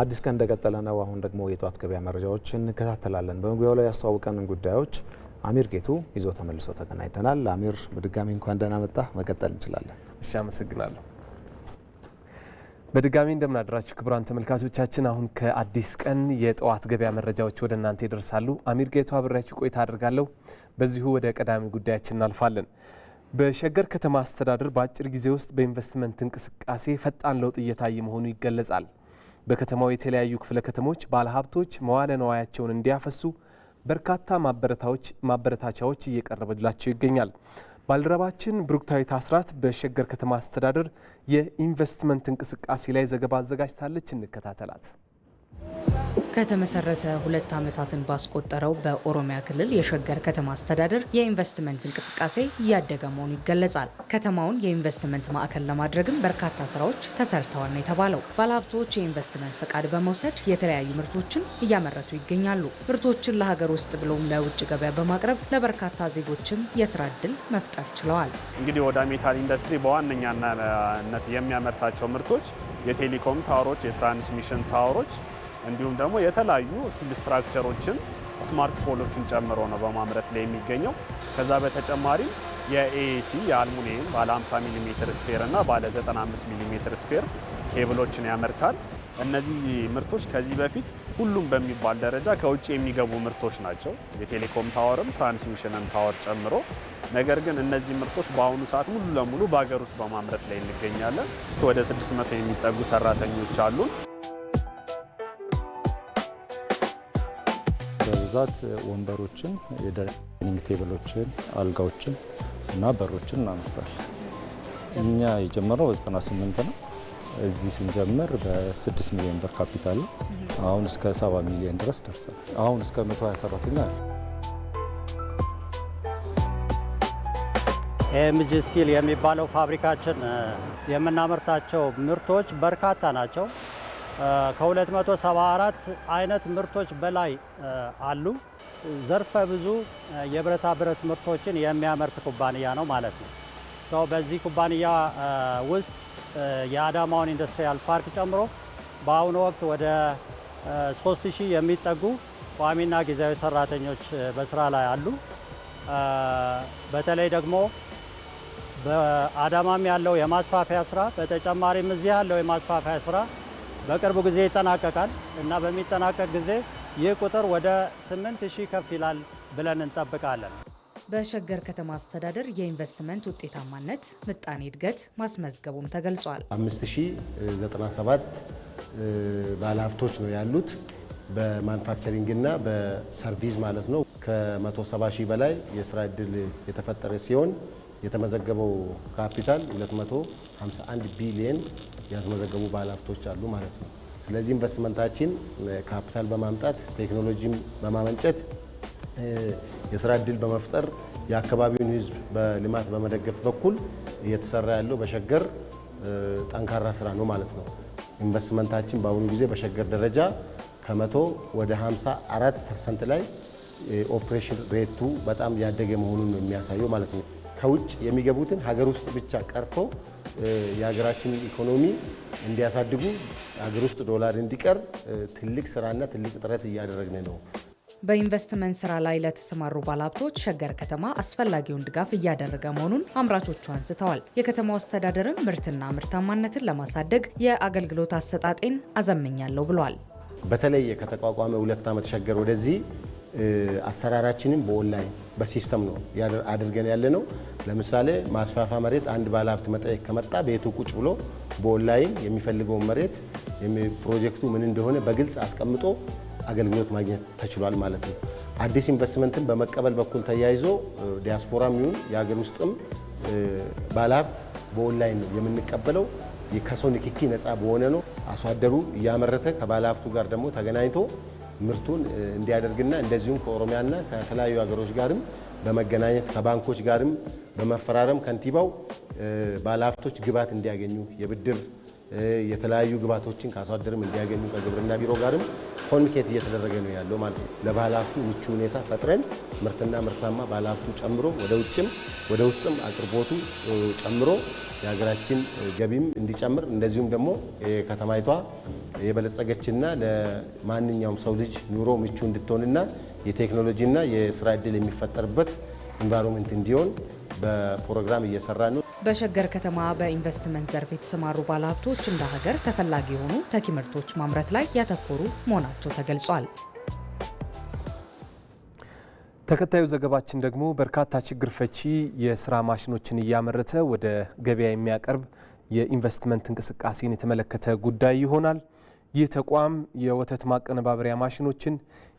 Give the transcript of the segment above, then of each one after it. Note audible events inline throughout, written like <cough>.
አዲስ ቀን እንደቀጠለ ነው። አሁን ደግሞ የጠዋት ገበያ መረጃዎች እንከታተላለን። በመግቢያው ላይ ያስተዋውቀንን ጉዳዮች አሚር ጌቱ ይዞ ተመልሶ ተገናኝተናል። አሚር በድጋሚ እንኳን ደህና መጣ። መቀጠል እንችላለን። እሺ፣ አመሰግናለሁ። በድጋሚ እንደምናደራችሁ ክቡራን ተመልካቾቻችን፣ አሁን ከአዲስ ቀን የጠዋት ገበያ መረጃዎች ወደ እናንተ ይደርሳሉ። አሚር ጌቱ አብሬያችሁ ቆይታ አድርጋለሁ። በዚሁ ወደ ቀዳሚ ጉዳያችን እናልፋለን። በሸገር ከተማ አስተዳደር በአጭር ጊዜ ውስጥ በኢንቨስትመንት እንቅስቃሴ ፈጣን ለውጥ እየታየ መሆኑ ይገለጻል። በከተማው የተለያዩ ክፍለ ከተሞች ባለሀብቶች መዋለ ነዋያቸውን እንዲያፈሱ በርካታ ማበረታቻዎች እየቀረበላቸው ይገኛል። ባልደረባችን ብሩክታዊት አስራት በሸገር ከተማ አስተዳደር የኢንቨስትመንት እንቅስቃሴ ላይ ዘገባ አዘጋጅታለች። እንከታተላት። ከተመሰረተ ሁለት ዓመታትን ባስቆጠረው በኦሮሚያ ክልል የሸገር ከተማ አስተዳደር የኢንቨስትመንት እንቅስቃሴ እያደገ መሆኑ ይገለጻል። ከተማውን የኢንቨስትመንት ማዕከል ለማድረግም በርካታ ስራዎች ተሰርተዋል ነው የተባለው። ባለሀብቶች የኢንቨስትመንት ፈቃድ በመውሰድ የተለያዩ ምርቶችን እያመረቱ ይገኛሉ። ምርቶችን ለሀገር ውስጥ ብሎም ለውጭ ገበያ በማቅረብ ለበርካታ ዜጎችም የስራ እድል መፍጠር ችለዋል። እንግዲህ ወደ ሜታል ኢንዱስትሪ በዋነኛነት የሚያመርታቸው ምርቶች የቴሌኮም ታወሮች፣ የትራንስሚሽን ታወሮች እንዲሁም ደግሞ የተለያዩ ስቲል ስትራክቸሮችን ስማርት ጨምሮ ነው በማምረት ላይ የሚገኘው። ከዛ በተጨማሪ የኤሲ የአልሙኒየም ባለ 50 ሚሜ ስፌር እና ባለ 95 ሚሜ ስፌር ኬብሎችን ያመርታል። እነዚህ ምርቶች ከዚህ በፊት ሁሉም በሚባል ደረጃ ከውጭ የሚገቡ ምርቶች ናቸው፣ የቴሌኮም ታወርም ትራንስሚሽንን ታወር ጨምሮ። ነገር ግን እነዚህ ምርቶች በአሁኑ ሰዓት ሙሉ ለሙሉ በሀገር ውስጥ በማምረት ላይ እንገኛለን። ወደ 600 የሚጠጉ ሰራተኞች አሉን። በብዛት ወንበሮችን፣ የዳይኒንግ ቴብሎችን፣ አልጋዎችን እና በሮችን እናመርታል። እኛ የጀመረው በ98 ነው። እዚህ ስንጀምር በ6 ሚሊዮን ብር ካፒታል አሁን እስከ 70 ሚሊዮን ድረስ ደርሳል። አሁን እስከ 120 ሰራተኛ አለ። ኤምጂ ስቲል የሚባለው ፋብሪካችን የምናመርታቸው ምርቶች በርካታ ናቸው። ከ274 አይነት ምርቶች በላይ አሉ። ዘርፈ ብዙ የብረታ ብረት ምርቶችን የሚያመርት ኩባንያ ነው ማለት ነው። ሰው በዚህ ኩባንያ ውስጥ የአዳማውን ኢንዱስትሪያል ፓርክ ጨምሮ በአሁኑ ወቅት ወደ 3000 የሚጠጉ ቋሚና ጊዜያዊ ሰራተኞች በስራ ላይ አሉ። በተለይ ደግሞ በአዳማም ያለው የማስፋፊያ ስራ በተጨማሪም እዚህ ያለው የማስፋፊያ ስራ በቅርቡ ጊዜ ይጠናቀቃል እና በሚጠናቀቅ ጊዜ ይህ ቁጥር ወደ 8000 ከፍ ይላል ብለን እንጠብቃለን። በሸገር ከተማ አስተዳደር የኢንቨስትመንት ውጤታማነት ምጣኔ እድገት ማስመዝገቡም ተገልጿል። 5097 ባለሀብቶች ነው ያሉት በማኑፋክቸሪንግ እና በሰርቪስ ማለት ነው። ከ170 ሺህ በላይ የስራ እድል የተፈጠረ ሲሆን የተመዘገበው ካፒታል 251 ቢሊየን ያስመዘገቡ ባለሀብቶች አሉ ማለት ነው። ስለዚህ ኢንቨስትመንታችን ካፒታል በማምጣት ቴክኖሎጂም በማመንጨት የስራ እድል በመፍጠር የአካባቢውን ህዝብ በልማት በመደገፍ በኩል እየተሰራ ያለው በሸገር ጠንካራ ስራ ነው ማለት ነው። ኢንቨስትመንታችን በአሁኑ ጊዜ በሸገር ደረጃ ከመቶ ወደ 54 ፐርሰንት ላይ ኦፕሬሽን ሬቱ በጣም ያደገ መሆኑን የሚያሳየው ማለት ነው። ከውጭ የሚገቡትን ሀገር ውስጥ ብቻ ቀርቶ የሀገራችንን ኢኮኖሚ እንዲያሳድጉ ሀገር ውስጥ ዶላር እንዲቀር ትልቅ ስራና ትልቅ ጥረት እያደረግን ነው። በኢንቨስትመንት ስራ ላይ ለተሰማሩ ባለሀብቶች ሸገር ከተማ አስፈላጊውን ድጋፍ እያደረገ መሆኑን አምራቾቹ አንስተዋል። የከተማው አስተዳደርም ምርትና ምርታማነትን ለማሳደግ የአገልግሎት አሰጣጤን አዘመኛለሁ ብሏል። በተለይ ከተቋቋመ ሁለት ዓመት ሸገር ወደዚህ አሰራራችንን በኦንላይን በሲስተም ነው አድርገን ያለ ነው። ለምሳሌ ማስፋፋ መሬት አንድ ባለሀብት መጠየቅ ከመጣ ቤቱ ቁጭ ብሎ በኦንላይን የሚፈልገውን መሬት ፕሮጀክቱ ምን እንደሆነ በግልጽ አስቀምጦ አገልግሎት ማግኘት ተችሏል ማለት ነው። አዲስ ኢንቨስትመንትን በመቀበል በኩል ተያይዞ ዲያስፖራም ይሁን የሀገር ውስጥም ባለሀብት በኦንላይን ነው የምንቀበለው። ከሰው ንክኪ ነፃ በሆነ ነው። አርሶ አደሩ እያመረተ ከባለሀብቱ ጋር ደግሞ ተገናኝቶ ምርቱን እንዲያደርግና እንደዚሁም ከኦሮሚያና ከተለያዩ ሀገሮች ጋርም በመገናኘት ከባንኮች ጋርም በመፈራረም ከንቲባው ባለሀብቶች ግብዓት እንዲያገኙ የብድር የተለያዩ ግብዓቶችን ከአርሶ አደርም እንዲያገኙ ከግብርና ቢሮ ጋርም ኮሚኒኬት እየተደረገ ነው ያለው ማለት ነው። ለባለሀብቱ ምቹ ሁኔታ ፈጥረን ምርትና ምርታማ ባለሀብቱ ጨምሮ ወደ ውጭም ወደ ውስጥም አቅርቦቱ ጨምሮ የሀገራችን ገቢም እንዲጨምር እንደዚሁም ደግሞ ከተማይቷ የበለጸገችና ለማንኛውም ሰው ልጅ ኑሮ ምቹ እንድትሆንና የቴክኖሎጂና የስራ እድል የሚፈጠርበት ኢንቫይሮንመንት እንዲሆን በፕሮግራም እየሰራ ነው። በሸገር ከተማ በኢንቨስትመንት ዘርፍ የተሰማሩ ባለሀብቶች እንደ ሀገር ተፈላጊ የሆኑ ተኪ ምርቶች ማምረት ላይ ያተኮሩ መሆናቸው ተገልጿል። ተከታዩ ዘገባችን ደግሞ በርካታ ችግር ፈቺ የስራ ማሽኖችን እያመረተ ወደ ገበያ የሚያቀርብ የኢንቨስትመንት እንቅስቃሴን የተመለከተ ጉዳይ ይሆናል። ይህ ተቋም የወተት ማቀነባበሪያ ማሽኖችን፣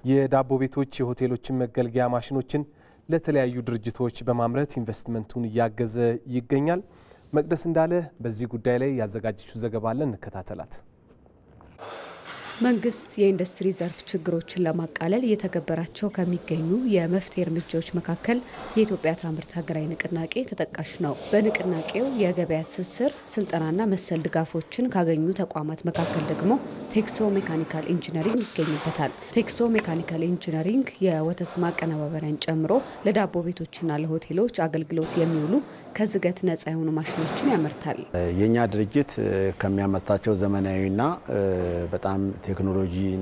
የዳቦ ቤቶች፣ የሆቴሎችን መገልገያ ማሽኖችን ለተለያዩ ድርጅቶች በማምረት ኢንቨስትመንቱን እያገዘ ይገኛል። መቅደስ እንዳለ በዚህ ጉዳይ ላይ ያዘጋጀችው ዘገባ አለን፣ እንከታተላት። መንግስት የኢንዱስትሪ ዘርፍ ችግሮችን ለማቃለል እየተገበራቸው ከሚገኙ የመፍትሄ እርምጃዎች መካከል የኢትዮጵያ ታምርት ሀገራዊ ንቅናቄ ተጠቃሽ ነው። በንቅናቄው የገበያ ትስስር ስልጠናና መሰል ድጋፎችን ካገኙ ተቋማት መካከል ደግሞ ቴክሶ ሜካኒካል ኢንጂነሪንግ ይገኝበታል። ቴክሶ ሜካኒካል ኢንጂነሪንግ የወተት ማቀነባበሪያን ጨምሮ ለዳቦ ቤቶችና ለሆቴሎች አገልግሎት የሚውሉ ከዝገት ነጻ የሆኑ ማሽኖችን ያመርታል። የእኛ ድርጅት ከሚያመርታቸው ዘመናዊና በጣም ቴክኖሎጂን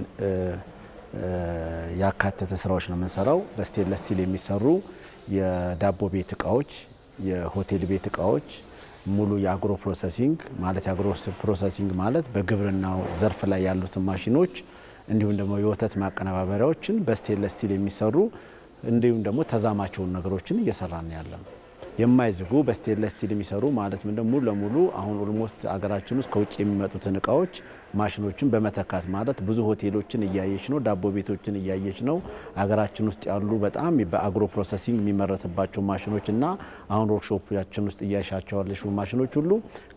ያካተተ ስራዎች ነው የምንሰራው። በስቴንለስ ስቲል የሚሰሩ የዳቦ ቤት እቃዎች፣ የሆቴል ቤት እቃዎች፣ ሙሉ የአግሮ ፕሮሰሲንግ ማለት የአግሮ ፕሮሰሲንግ ማለት በግብርናው ዘርፍ ላይ ያሉትን ማሽኖች እንዲሁም ደግሞ የወተት ማቀነባበሪያዎችን በስቴንለስ ስቲል የሚሰሩ እንዲሁም ደግሞ ተዛማቸውን ነገሮችን እየሰራን ያለ ነው። የማይዝጉ በስቴንለስ ስቲል የሚሰሩ ማለት ምንድ ሙሉ ለሙሉ አሁን ኦልሞስት አገራችን ውስጥ ከውጭ የሚመጡትን እቃዎች ማሽኖችን በመተካት ማለት ብዙ ሆቴሎችን እያየች ነው፣ ዳቦ ቤቶችን እያየች ነው። አገራችን ውስጥ ያሉ በጣም በአግሮ ፕሮሰሲንግ የሚመረትባቸው ማሽኖች እና አሁን ወርክሾፖቻችን ውስጥ እያሻቸዋለች ማሽኖች ሁሉ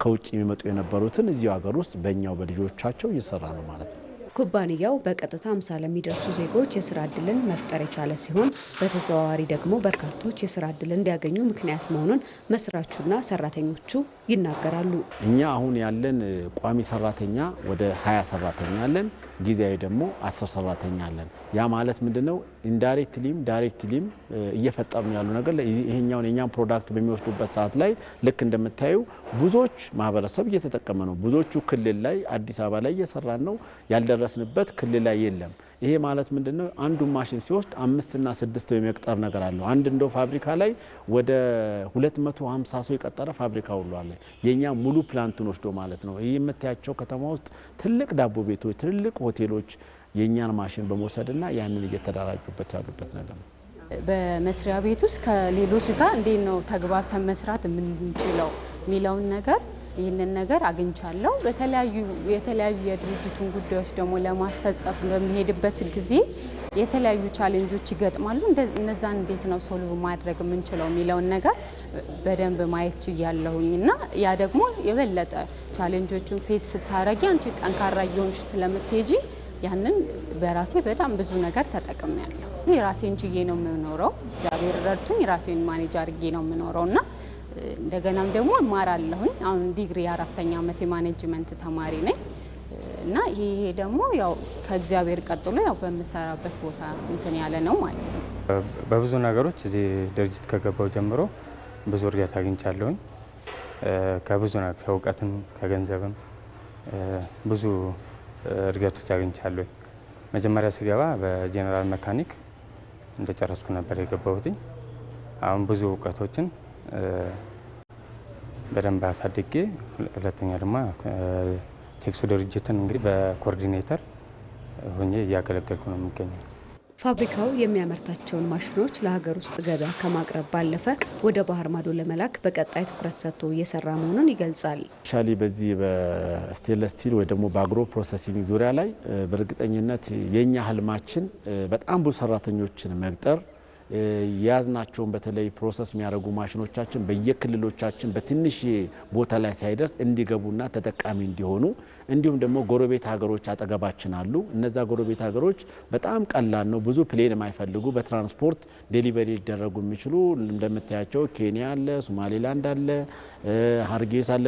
ከውጭ የሚመጡ የነበሩትን እዚሁ ሀገር ውስጥ በእኛው በልጆቻቸው እየሰራ ነው ማለት ነው። ኩባንያው በቀጥታ አምሳ ለሚደርሱ ዜጎች የስራ እድልን መፍጠር የቻለ ሲሆን በተዘዋዋሪ ደግሞ በርካቶች የስራ እድል እንዲያገኙ ምክንያት መሆኑን መስራቹና ሰራተኞቹ ይናገራሉ። እኛ አሁን ያለን ቋሚ ሰራተኛ ወደ 20 ሰራተኛ አለን፣ ጊዜያዊ ደግሞ 10 ሰራተኛ አለን። ያ ማለት ምንድነው? ኢንዳይሬክትሊም ዳይሬክትሊም እየፈጠሩ ያሉ ነገር ይሄኛውን የኛን ፕሮዳክት በሚወስዱበት ሰዓት ላይ ልክ እንደምታዩ ብዙዎች ማህበረሰብ እየተጠቀመ ነው። ብዙዎቹ ክልል ላይ አዲስ አበባ ላይ እየሰራን ነው። ያልደረስንበት ክልል ላይ የለም። ይሄ ማለት ምንድን ነው? አንዱን ማሽን ሲወስድ አምስትና ስድስት የመቅጠር ነገር አለው። አንድ እንደው ፋብሪካ ላይ ወደ 250 ሰው የቀጠረ ፋብሪካ ሁሉ አለ። የኛ ሙሉ ፕላንቱን ወስዶ ማለት ነው። ይህ የምታያቸው ከተማ ውስጥ ትልቅ ዳቦ ቤቶች፣ ትልቅ ሆቴሎች የእኛን ማሽን በመውሰድና ያንን እየተደራጁበት ያሉበት ነገር ነው። በመስሪያ ቤት ውስጥ ከሌሎች ጋር እንዴት ነው ተግባብተን መስራት የምንችለው የሚለውን ነገር ይህንን ነገር አግኝቻለሁ። በተለያዩ የተለያዩ የድርጅቱን ጉዳዮች ደግሞ ለማስፈጸም በሚሄድበት ጊዜ የተለያዩ ቻሌንጆች ይገጥማሉ። እነዛን እንዴት ነው ሶልቭ ማድረግ የምንችለው የሚለውን ነገር በደንብ ማየት ችያለሁኝ እና ያ ደግሞ የበለጠ ቻሌንጆቹን ፌስ ስታረጊ አንቺ ጠንካራ እየሆንሽ ስለምትሄጂ ያንን በራሴ በጣም ብዙ ነገር ተጠቅሜያለሁ። የራሴን ችዬ ነው የምኖረው። እግዚአብሔር ረድቱኝ፣ የራሴን ማኔጅ አድርጌ ነው የምኖረው እና እንደገናም ደግሞ እማራለሁኝ። አሁን ዲግሪ አራተኛ አመት የማኔጅመንት ተማሪ ነኝ እና ይሄ ደግሞ ያው ከእግዚአብሔር ቀጥሎ ያው በምሰራበት ቦታ እንትን ያለ ነው ማለት ነው። በብዙ ነገሮች እዚህ ድርጅት ከገባው ጀምሮ ብዙ እድገት አግኝቻለሁኝ። ከብዙ ነገር ከእውቀትም ከገንዘብም ብዙ እድገቶች አግኝቻለሁኝ። መጀመሪያ ስገባ በጄኔራል መካኒክ እንደጨረስኩ ነበር የገባሁትኝ። አሁን ብዙ እውቀቶችን በደንብ አሳድጌ ሁለተኛ ድማ ቴክሶ ድርጅትን እንግዲህ በኮኦርዲኔተር ሆኜ እያገለገልኩ ነው የሚገኘው። ፋብሪካው የሚያመርታቸውን ማሽኖች ለሀገር ውስጥ ገበያ ከማቅረብ ባለፈ ወደ ባህር ማዶ ለመላክ በቀጣይ ትኩረት ሰጥቶ እየሰራ መሆኑን ይገልጻል። ሻሊ በዚህ በስቴንለስ ስቲል ወይ ደግሞ በአግሮ ፕሮሰሲንግ ዙሪያ ላይ በእርግጠኝነት የእኛ ህልማችን በጣም ብዙ ሰራተኞችን መቅጠር የያዝናቸውን በተለይ ፕሮሰስ የሚያደርጉ ማሽኖቻችን በየክልሎቻችን በትንሽ ቦታ ላይ ሳይደርስ እንዲገቡና ተጠቃሚ እንዲሆኑ እንዲሁም ደግሞ ጎረቤት ሀገሮች አጠገባችን አሉ። እነዛ ጎረቤት ሀገሮች በጣም ቀላል ነው፣ ብዙ ፕሌን የማይፈልጉ በትራንስፖርት ዴሊቨሪ ሊደረጉ የሚችሉ እንደምታያቸው ኬንያ አለ፣ ሶማሌላንድ አለ፣ ሀርጌስ አለ፣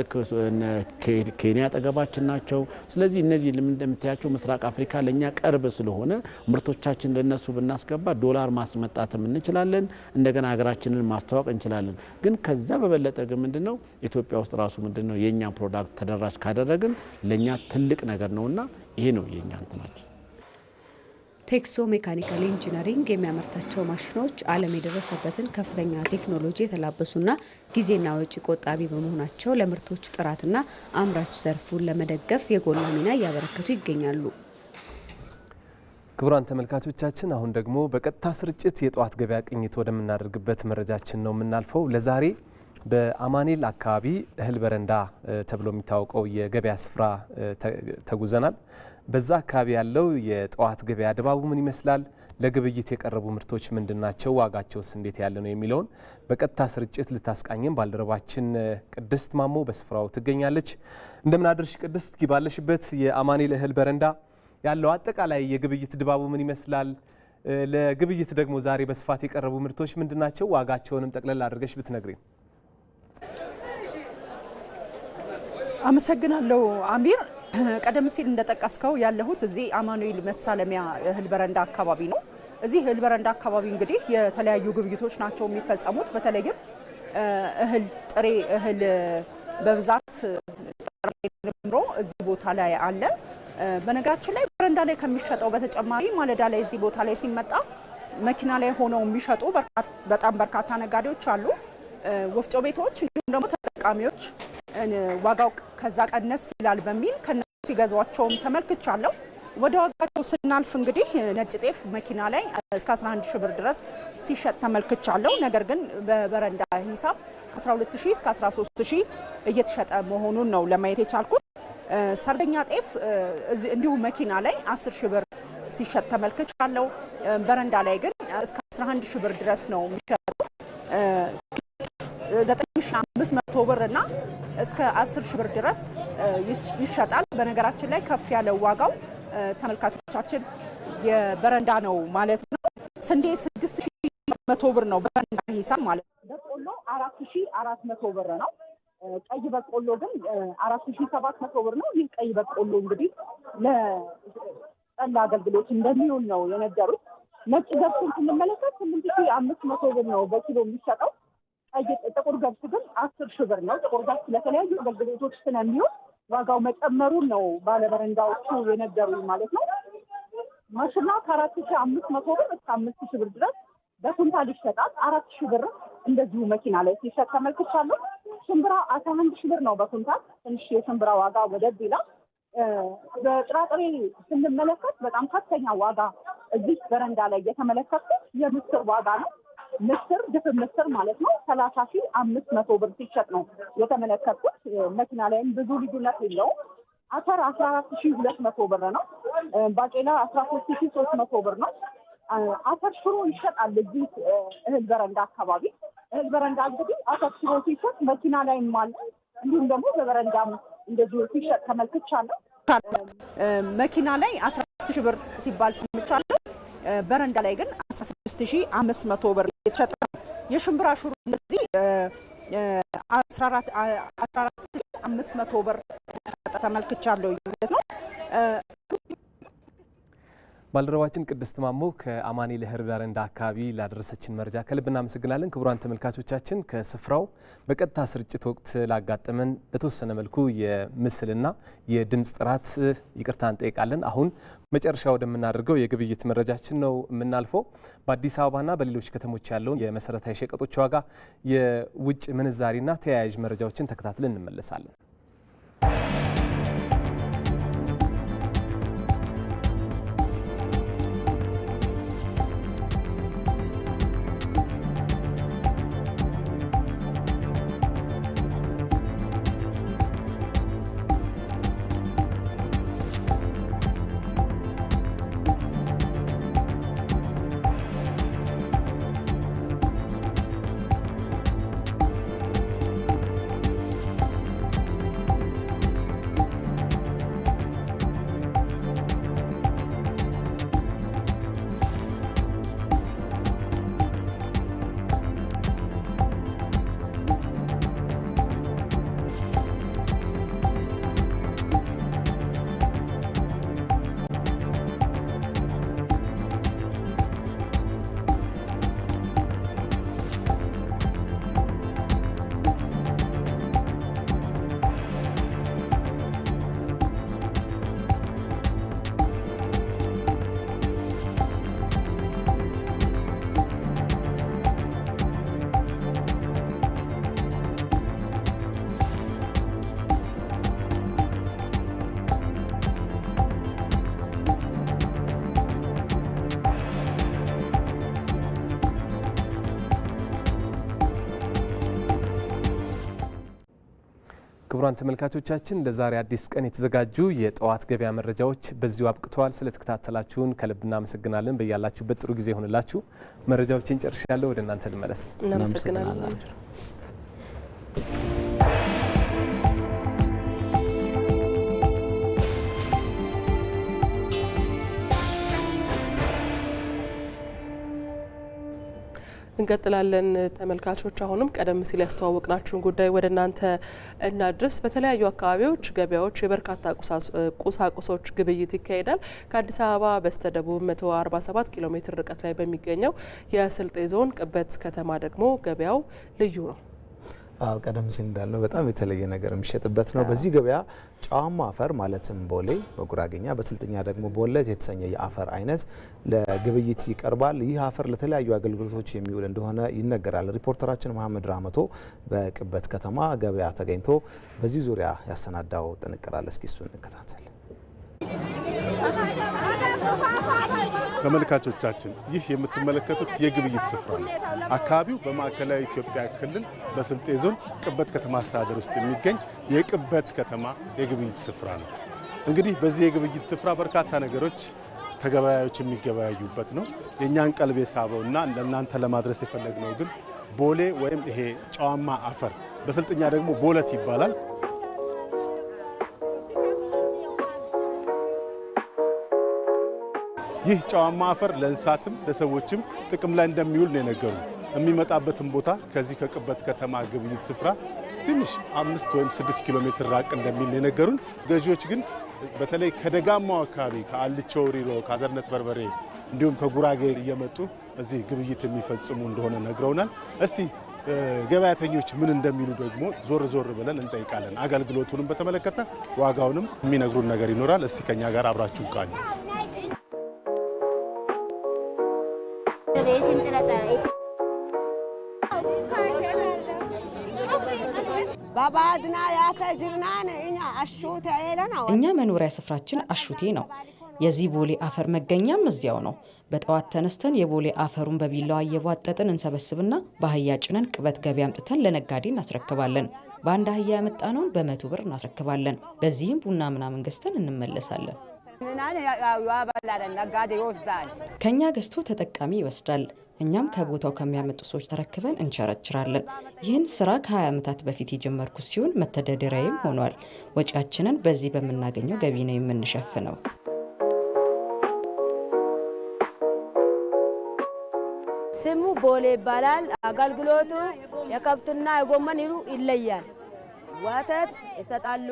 ኬንያ አጠገባችን ናቸው። ስለዚህ እነዚህ እንደምታያቸው ምስራቅ አፍሪካ ለእኛ ቅርብ ስለሆነ ምርቶቻችን ለነሱ ብናስገባ ዶላር ማስመጣትም እንችላለን፣ እንደገና ሀገራችንን ማስተዋወቅ እንችላለን። ግን ከዛ በበለጠ ግን ምንድነው ኢትዮጵያ ውስጥ ራሱ ምንድነው የእኛ ፕሮዳክት ተደራሽ ካደረግን ለእኛ ለእኛ ትልቅ ነገር ነውና ይሄ ነው የእኛ እንትናችን። ቴክሶ ሜካኒካል ኢንጂነሪንግ የሚያመርታቸው ማሽኖች ዓለም የደረሰበትን ከፍተኛ ቴክኖሎጂ የተላበሱና ጊዜና ወጪ ቆጣቢ በመሆናቸው ለምርቶች ጥራትና አምራች ዘርፉን ለመደገፍ የጎላ ሚና እያበረከቱ ይገኛሉ። ክቡራን ተመልካቾቻችን አሁን ደግሞ በቀጥታ ስርጭት የጠዋት ገበያ ቅኝት ወደምናደርግበት መረጃችን ነው የምናልፈው ለዛሬ በአማኔል አካባቢ እህል በረንዳ ተብሎ የሚታወቀው የገበያ ስፍራ ተጉዘናል። በዛ አካባቢ ያለው የጠዋት ገበያ ድባቡ ምን ይመስላል፣ ለግብይት የቀረቡ ምርቶች ምንድን ናቸው፣ ዋጋቸውስ እንዴት ያለ ነው የሚለውን በቀጥታ ስርጭት ልታስቃኝም ባልደረባችን ቅድስት ማሞ በስፍራው ትገኛለች። እንደምን አድርሽ ቅድስት? ባለሽበት የአማኔል እህል በረንዳ ያለው አጠቃላይ የግብይት ድባቡ ምን ይመስላል? ለግብይት ደግሞ ዛሬ በስፋት የቀረቡ ምርቶች ምንድን ናቸው? ዋጋቸውንም ጠቅለል አድርገሽ ብትነግሪን። አመሰግናለሁ አሚር። ቀደም ሲል እንደጠቀስከው ያለሁት እዚህ አማኑኤል መሳለሚያ እህል በረንዳ አካባቢ ነው። እዚህ እህል በረንዳ አካባቢ እንግዲህ የተለያዩ ግብይቶች ናቸው የሚፈጸሙት። በተለይም እህል ጥሬ እህል በብዛት ጀምሮ እዚህ ቦታ ላይ አለ። በነገራችን ላይ በረንዳ ላይ ከሚሸጠው በተጨማሪ ማለዳ ላይ እዚህ ቦታ ላይ ሲመጣ መኪና ላይ ሆነው የሚሸጡ በጣም በርካታ ነጋዴዎች አሉ። ወፍጮ ቤቶች እንዲሁም ደግሞ ተጠቃሚዎች ዋጋው ከዛ ቀነስ ይላል በሚል ከነሱ ሲገዟቸውም ተመልክቻለሁ። ወደ ዋጋቸው ስናልፍ እንግዲህ ነጭ ጤፍ መኪና ላይ እስከ 11 ሺህ ብር ድረስ ሲሸጥ ተመልክቻለሁ። ነገር ግን በበረንዳ ሂሳብ 12 ሺህ እስከ 13 ሺህ እየተሸጠ መሆኑን ነው ለማየት የቻልኩት። ሰርገኛ ጤፍ እንዲሁም መኪና ላይ 10 ሺህ ብር ሲሸጥ ተመልክቻለሁ። በረንዳ ላይ ግን እስከ 11 ሺህ ብር ድረስ ነው የሚሸ አምስት መቶ ብር እና እስከ አስር ሺህ ብር ድረስ ይሸጣል። በነገራችን ላይ ከፍ ያለው ዋጋው ተመልካቾቻችን የበረንዳ ነው ማለት ነው። ስንዴ ስድስት ሺህ መቶ ብር ነው በበረንዳ ሂሳብ ማለት ነው። በቆሎ አራት ሺህ አራት መቶ ብር ነው። ቀይ በቆሎ ግን አራት ሺህ ሰባት መቶ ብር ነው። ይህ ቀይ በቆሎ እንግዲህ ለጠላ አገልግሎት እንደሚሆን ነው የነገሩት። ነጭ ገብሱን ስንመለከት ስምንት ሺህ አምስት መቶ ብር ነው በኪሎ የሚሸጠው። ጥቁር ገብሱ አስር ሺህ ብር ነው። ጥቁር ዛፍ ለተለያዩ አገልግሎቶች ስለሚሆን ዋጋው መጨመሩን ነው ባለበረንዳዎቹ የነገሩኝ ማለት ነው። ማሽላ ከአራት ሺህ አምስት መቶ ብር እስከ አምስት ሺህ ብር ድረስ በኩንታል ይሸጣል። አራት ሺህ ብር እንደዚሁ መኪና ላይ ሲሸጥ ተመልክቻለሁ። ሽምብራ አስራ አንድ ሺህ ብር ነው በኩንታል። ትንሽ የሽምብራ ዋጋ ወደድ ይላል። በጥራጥሬ ስንመለከት በጣም ከፍተኛ ዋጋ እዚህ በረንዳ ላይ እየተመለከቱ የምስር ዋጋ ነው ምስር ድፍን ምስር ማለት ነው ሰላሳ ሺህ አምስት መቶ ብር ሲሸጥ ነው የተመለከትኩት። መኪና ላይም ብዙ ልዩነት የለውም። አተር አስራ አራት ሺህ ሁለት መቶ ብር ነው። ባቄላ አስራ ሶስት ሺህ ሶስት መቶ ብር ነው። አተር ሽሮ ይሸጣል እዚህ እህል በረንዳ አካባቢ። እህል በረንዳ እንግዲህ አተር ሽሮ ሲሸጥ መኪና ላይም አለ፣ እንዲሁም ደግሞ በበረንዳም እንደዚሁ ሲሸጥ ተመልክቻለሁ። መኪና ላይ አስራ ሶስት ሺህ ብር ሲባል ሰምቻለሁ። በረንዳ ላይ ግን አስራ ስድስት አምስት መቶ ብር የተሸጠ የሽምብራ ሽሮ እነዚህ አስራ አራት ብር ተመልክቻለሁ ማለት ነው። ባልደረባችን ቅድስት ማሞ ከአማኑኤል ህርዳርንዳ አካባቢ ላደረሰችን መረጃ ከልብ እናመሰግናለን። ክቡራን ተመልካቾቻችን ከስፍራው በቀጥታ ስርጭት ወቅት ላጋጠመን በተወሰነ መልኩ የምስልና የድምፅ ጥራት ይቅርታ እንጠይቃለን። አሁን መጨረሻ ወደምናደርገው የግብይት መረጃችን ነው የምናልፈው። በአዲስ አበባና በሌሎች ከተሞች ያለውን የመሰረታዊ ሸቀጦች ዋጋ፣ የውጭ ምንዛሪና ተያያዥ መረጃዎችን ተከታትለን እንመለሳለን። ክቡራን ተመልካቾቻችን ለዛሬ አዲስ ቀን የተዘጋጁ የጠዋት ገበያ መረጃዎች በዚሁ አብቅተዋል። ስለተከታተላችሁን ከልብ እናመሰግናለን። በያላችሁበት ጥሩ ጊዜ ይሆንላችሁ። መረጃዎችን ጨርሻለሁ። ወደ እናንተ ልመለስ። እናመሰግናለን። እንቀጥላለን። ተመልካቾች አሁንም ቀደም ሲል ያስተዋወቅናችሁን ጉዳይ ወደ እናንተ እናድርስ። በተለያዩ አካባቢዎች ገበያዎች የበርካታ ቁሳቁሶች ግብይት ይካሄዳል። ከአዲስ አበባ በስተደቡብ 147 ኪሎ ሜትር ርቀት ላይ በሚገኘው የስልጤ ዞን ቅበት ከተማ ደግሞ ገበያው ልዩ ነው። አዎ ቀደም ሲል እንዳልነው በጣም የተለየ ነገር የሚሸጥበት ነው። በዚህ ገበያ ጨዋማ አፈር ማለትም ቦሌ በጉራገኛ በስልጥኛ ደግሞ ቦለት የተሰኘ የአፈር አይነት ለግብይት ይቀርባል። ይህ አፈር ለተለያዩ አገልግሎቶች የሚውል እንደሆነ ይነገራል። ሪፖርተራችን መሐመድ ራመቶ በቅበት ከተማ ገበያ ተገኝቶ በዚህ ዙሪያ ያሰናዳው ጥንቅር አለ። እስኪ እሱን እንከታተል። ተመልካቾቻችን ይህ የምትመለከቱት የግብይት ስፍራ ነው። አካባቢው በማዕከላዊ ኢትዮጵያ ክልል በስልጤ ዞን ቅበት ከተማ አስተዳደር ውስጥ የሚገኝ የቅበት ከተማ የግብይት ስፍራ ነው። እንግዲህ በዚህ የግብይት ስፍራ በርካታ ነገሮች ተገበያዮች የሚገበያዩበት ነው። የእኛን ቀልብ የሳበው እና ለእናንተ ለማድረስ የፈለግነው ግን ቦሌ ወይም ይሄ ጨዋማ አፈር በስልጥኛ ደግሞ ቦለት ይባላል ይህ ጨዋማ አፈር ለእንስሳትም ለሰዎችም ጥቅም ላይ እንደሚውል ነው የነገሩ። የሚመጣበትን ቦታ ከዚህ ከቅበት ከተማ ግብይት ስፍራ ትንሽ አምስት ወይም ስድስት ኪሎ ሜትር ራቅ እንደሚል ነው የነገሩን። ገዢዎች ግን በተለይ ከደጋማው አካባቢ ከአልቾ ወሪሮ፣ ከአዘርነት በርበሬ እንዲሁም ከጉራጌ እየመጡ እዚህ ግብይት የሚፈጽሙ እንደሆነ ነግረውናል። እስቲ ገበያተኞች ምን እንደሚሉ ደግሞ ዞር ዞር ብለን እንጠይቃለን። አገልግሎቱንም በተመለከተ ዋጋውንም የሚነግሩን ነገር ይኖራል። እስቲ ከኛ ጋር አብራችሁ ቃኙ። እኛ መኖሪያ ስፍራችን አሹቴ ነው። የዚህ ቦሌ አፈር መገኛም እዚያው ነው። በጠዋት ተነስተን የቦሌ አፈሩን በቢላዋ እየቧጠጥን እንሰበስብና በአህያ ጭነን ቅበት ገበያ አምጥተን ለነጋዴ እናስረክባለን። በአንድ አህያ ያመጣነውን በመቶ ብር እናስረክባለን። በዚህም ቡና ምናምን ገዝተን እንመለሳለን። ከእኛ ገዝቶ ተጠቃሚ ይወስዳል። እኛም ከቦታው ከሚያመጡ ሰዎች ተረክበን እንቸረችራለን። ይህን ስራ ከ20 ዓመታት በፊት የጀመርኩት ሲሆን መተዳደሪያዬም ሆኗል። ወጪያችንን በዚህ በምናገኘው ገቢ ነው የምንሸፍነው። ስሙ ቦሌ ይባላል። አገልግሎቱ የከብትና የጎመን ይሉ ይለያል። ወተት ይሰጣሉ።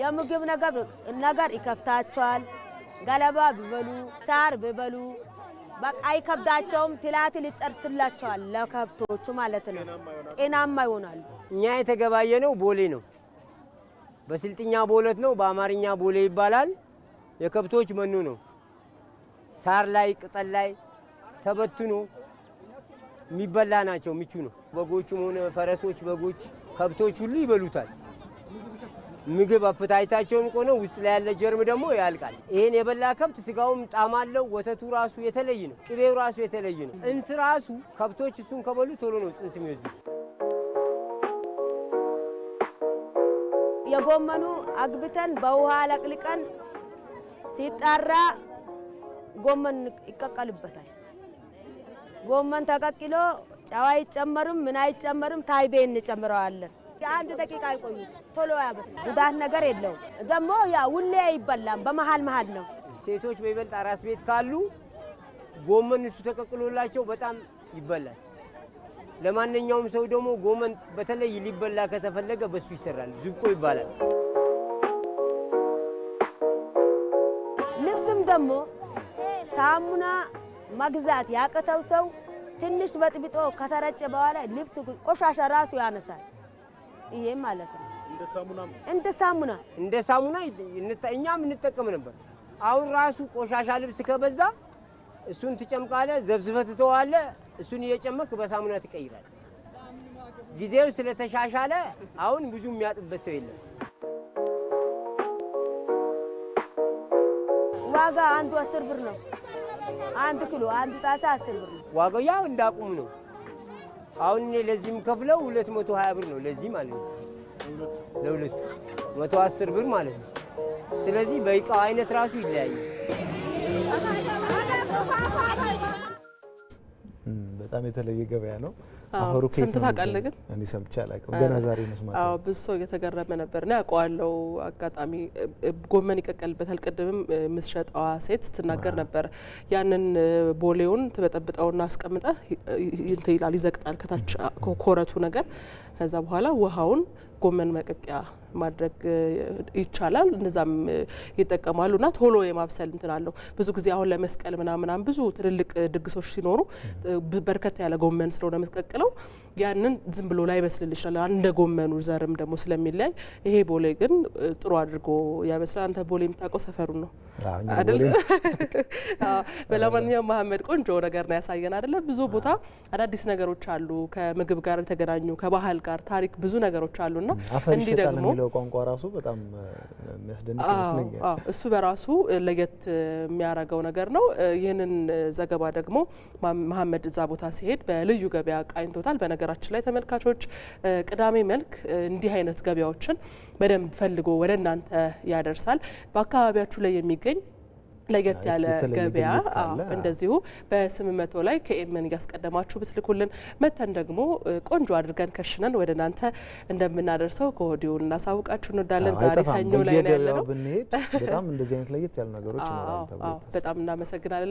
የምግብ ነገር ይከፍታቸዋል። ገለባ ቢበሉ ሳር ቢበሉ በቃ አይከብዳቸውም። ትላት ይጨርስላቸዋል፣ ለከብቶቹ ማለት ነው። ጤናማ ይሆናሉ። እኛ የተገባየ ነው ቦሌ ነው። በስልጥኛ ቦለት ነው፣ በአማርኛ ቦሌ ይባላል። የከብቶች መኖ ነው። ሳር ላይ ቅጠል ላይ ተበትኖ የሚበላ ናቸው። ምቹ ነው። በጎቹም ሆነ ፈረሶች፣ በጎች፣ ከብቶች ሁሉ ይበሉታል። ምግብ አፕታይታቸውም ቆነ ውስጥ ላይ ያለ ጀርም ደግሞ ያልቃል። ይሄን የበላ ከብት ስጋውም ጣም አለው። ወተቱ ራሱ የተለየ ነው። ቅቤው ራሱ የተለየ ነው። ጽንስ ራሱ ከብቶች እሱን ከበሉ ቶሎ ነው ጽንስ የሚወስዱት። የጎመኑ አግብተን በውሃ ለቅልቀን ሲጣራ ጎመን ይቀቀልበታል። ጎመን ተቀቅሎ ጨው አይጨመርም፣ ምን አይጨመርም። ታይቤ እንጨምረዋለን። አንድ ደቂቃ አይቆዩ፣ ቶሎ ያበስ። ጉዳት ነገር የለውም። ደግሞ ያ ውሌ አይበላም፣ በመሀል መሀል ነው። ሴቶች በይበልጥ አራስ ቤት ካሉ ጎመን እሱ ተቀቅሎላቸው በጣም ይበላል። ለማንኛውም ሰው ደግሞ ጎመን በተለይ ሊበላ ከተፈለገ በሱ ይሰራል። ዝብቆ ይባላል። ልብስም ደግሞ ሳሙና መግዛት ያቀተው ሰው ትንሽ በጥብጦ ከተረጨ በኋላ ልብስ ቆሻሻ ራሱ ያነሳል። ይሄ ማለት ነው። እንደ ሳሙና እንደ ሳሙና እኛም እንጠቀም ነበር። አሁን ራሱ ቆሻሻ ልብስ ከበዛ እሱን ትጨምቃለ፣ ዘብዝፈ ትተዋለ። እሱን እየጨመክ በሳሙና ትቀይራል። ጊዜው ስለተሻሻለ አሁን ብዙ የሚያጥበት ሰው የለም። ዋጋ አንዱ አስር ብር ነው። አንድ ኪሎ አንድ ጣሳ አስር ብር ነው ዋጋው። ያው እንዳቁሙ ነው አሁን እኔ ለዚህም ከፍለው 220 ብር ነው ለዚህ ማለት ነው። ለሁለቱ 110 ብር ማለት ነው። ስለዚህ በእቃው አይነት ራሱ ይለያያል። በጣም የተለየ ገበያ ነው። ሰምተህ ታውቃለህ? ግን እኔ ሰምቼ አላውቅም። ገና ዛሬ መስማት። አዎ ብዙ ሰው እየተገረመ ነበር። እኔ ያውቀዋለው። አጋጣሚ ጎመን ይቀቀልበታል። ቅድምም የምትሸጠዋ ሴት ስትናገር ነበር። ያንን ቦሌውን ትበጠብጠውና አስቀምጠህ እንትን ይላል፣ ይዘግጣል፣ ከታች ኮረቱ ነገር። ከዛ በኋላ ውሃውን ጎመን መቀቂያ ማድረግ ይቻላል። እነዛም ይጠቀማሉ እና ቶሎ የማብሰል እንትን አለው። ብዙ ጊዜ አሁን ለመስቀል ምናምናም ብዙ ትልልቅ ድግሶች ሲኖሩ በርከት ያለ ጎመን ስለሆነ መስቀቅለው ያንን ዝም ብሎ ላይ በስልል ይችላል። እንደ ጎመኑ ዘርም ደግሞ ስለሚለያይ ይሄ ቦሌ ግን ጥሩ አድርጎ ያበስላል። አንተ ቦሌ የምታውቀው ሰፈሩን ነው አይደል? <laughs> በለማንኛውም መሀመድ ቆንጆ ነገር ነው ያሳየን አይደለ? ብዙ ቦታ አዳዲስ ነገሮች አሉ፣ ከምግብ ጋር የተገናኙ ከባህል ጋር ታሪክ ብዙ ነገሮች አሉና ነው። እንዲህ ደግሞ ቋንቋ ራሱ በጣም የሚያስደንቅ ይመስለኛል። እሱ በራሱ ለየት የሚያደርገው ነገር ነው። ይህንን ዘገባ ደግሞ መሀመድ እዛ ቦታ ሲሄድ በልዩ ገበያ ቃኝቶታል። በነገራችን ላይ ተመልካቾች ቅዳሜ መልክ እንዲህ አይነት ገበያዎችን በደንብ ፈልጎ ወደ እናንተ ያደርሳል። በአካባቢያችሁ ላይ የሚገኝ ለየት ያለ ገበያ እንደዚሁ በስምንት መቶ ላይ ከኤምን እያስቀደማችሁ ብትልኩልን መተን ደግሞ ቆንጆ አድርገን ከሽነን ወደ እናንተ እንደምናደርሰው ከወዲሁ እናሳውቃችሁ እንወዳለን። ዛሬ ሰኞ ላይ ነው ያለነው። በጣም እንደዚህ አይነት ለየት ያሉ ነገሮች ይኖራሉ። በጣም እናመሰግናለን።